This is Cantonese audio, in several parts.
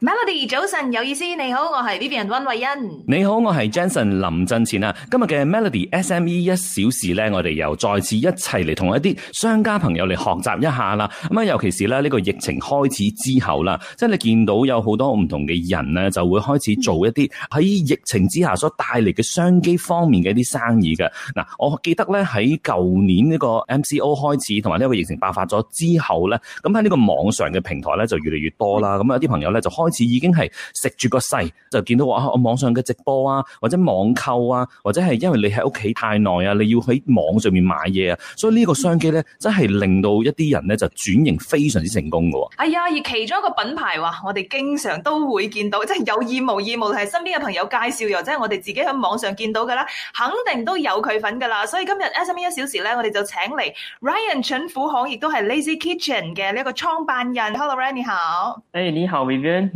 Melody，早晨有意思，你好，我係 Vivian 溫慧欣。你好，我係 Jensen 林振前啊。今日嘅 Melody SME 一小時咧，我哋又再次一齊嚟同一啲商家朋友嚟學習一下啦。咁、嗯、啊，尤其是咧呢個疫情開始之後啦，即係你見到有好多唔同嘅人咧，就會開始做一啲喺疫情之下所帶嚟嘅商機方面嘅一啲生意嘅。嗱、嗯，我記得咧喺舊年呢個 MCO 開始，同埋呢個疫情爆發咗之後咧，咁喺呢個網上嘅平台咧就越嚟越多啦。咁有啲朋友咧就開始開始已經係食住個勢，就見到我喺網上嘅直播啊，或者網購啊，或者係因為你喺屋企太耐啊，你要喺網上面買嘢啊，所以呢個商機咧真係令到一啲人咧就轉型非常之成功噶喎。係啊、哎，而其中一個品牌話，我哋經常都會見到，即係有意無意無，無論係身邊嘅朋友介紹，又或者係我哋自己喺網上見到噶啦，肯定都有佢份噶啦。所以今日 S M E 一小時咧，我哋就請嚟 Ryan 陳虎行，亦都係 Lazy Kitchen 嘅呢一個創辦人。Hello Ryan，你好。誒，你好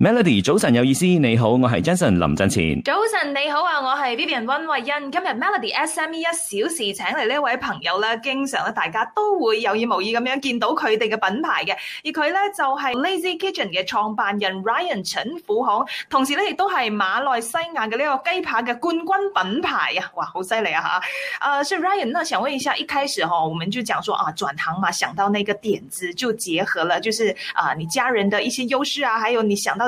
Melody，早晨有意思，你好，我係 Jason 林振前。早晨你好啊，我係 Vivian 溫慧欣。今日 Melody S M E 一小時，請嚟呢位朋友咧，經常咧，大家都會有意無意咁樣見到佢哋嘅品牌嘅，而佢咧就係、是、Lazy Kitchen 嘅創辦人 Ryan 陳虎康，同時咧亦都係馬來西亞嘅呢個雞扒嘅冠軍品牌啊，哇，好犀利啊吓、啊，所以 Ryan，那想問一下，一開始哦，我們就講說啊，轉行嘛，想到那個點子就結合了，就是啊，你家人的一些優勢啊，還有你想到。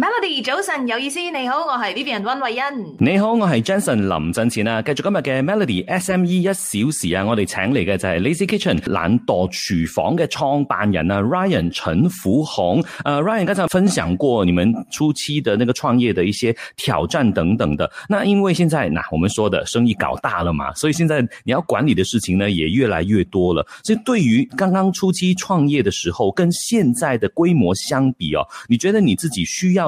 Melody，早晨，有意思，你好，我係 B B 人溫慧恩。你好，我是 Jenson 林振前啊。繼續今日嘅 Melody S M E 一小時啊，我哋請嚟嘅就係 Lazy Kitchen 懶惰廚房嘅創辦人啊，Ryan 陳福紅誒、uh,，Ryan，剛才分享過你們初期的那個創業的一些挑戰等等的。那因為現在嗱、啊，我們說的生意搞大了嘛，所以現在你要管理的事情呢，也越來越多了。所以對於剛剛初期創業的時候，跟現在的規模相比哦、啊，你覺得你自己需要？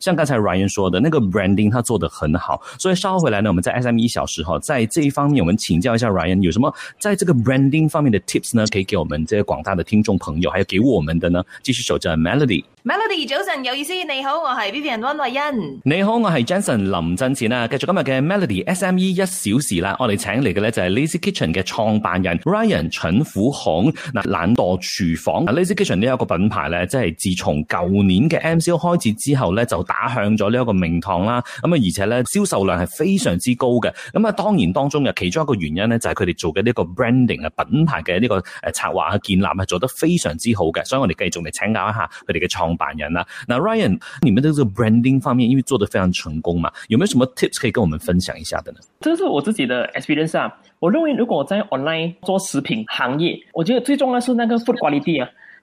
像剛才 Ryan 說的，那個 branding 他做得很好，所以稍後回來呢，我們在 SME 一小時哈，在這一方面，我們請教一下 Ryan，有什麼在這個 branding 方面的 tips 呢？可以給我們這個廣大的聽眾朋友，還有給我們的呢，繼續守着 Melody。Melody 早晨有意思，你好，我係 Vivian 溫慧恩。你好，我是 Jenson 林振健啊，繼續今日嘅 Melody S M E 一小時啦，我哋請嚟嘅咧就係、是、Lazy Kitchen 嘅創辦人 Ryan 陳虎孔，嗱，懶惰廚房 Lazy Kitchen 呢一個品牌咧，即係自從舊年嘅 M C O 開始之後咧就打響咗呢一個名堂啦，咁啊而且咧銷售量係非常之高嘅，咁啊當然當中嘅其中一個原因咧就係佢哋做嘅呢個 branding 啊品牌嘅呢個誒策劃嘅建立係做得非常之好嘅，所以我哋繼續嚟請教一下佢哋嘅創辦人啦。嗱，Ryan 你哋都做 branding 方面，因為做得非常成功嘛，有沒有什麼 tips 可以跟我們分享一下的呢？這是我自己嘅 experience 啊，我認為如果我在 online 做食品行業，我覺得最重要是那個 food quality 啊。